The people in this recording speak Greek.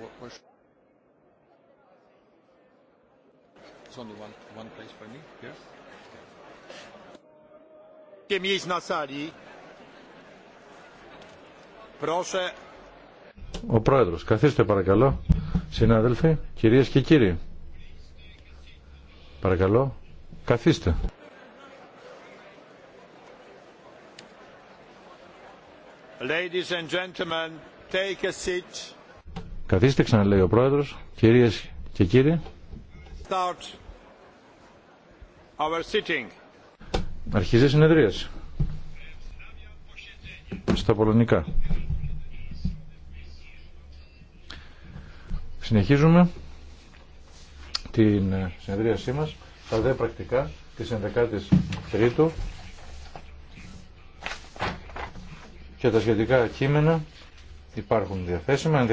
What, There's one, one place for me na Ο πρόεδρος, καθίστε παρακαλώ, συνάδελφοι, κυρίες και κύριοι. Παρακαλώ, καθίστε. Ladies and gentlemen, take a seat. Καθίστε ξαναλέει ο πρόεδρος, κυρίες και κύριοι. Αρχίζει η συνεδρίαση. Στα πολωνικά. Συνεχίζουμε την ε, συνεδρίασή μας, Στα δε πρακτικά της 11ης Τρίτου και τα σχετικά κείμενα υπάρχουν διαθέσιμα.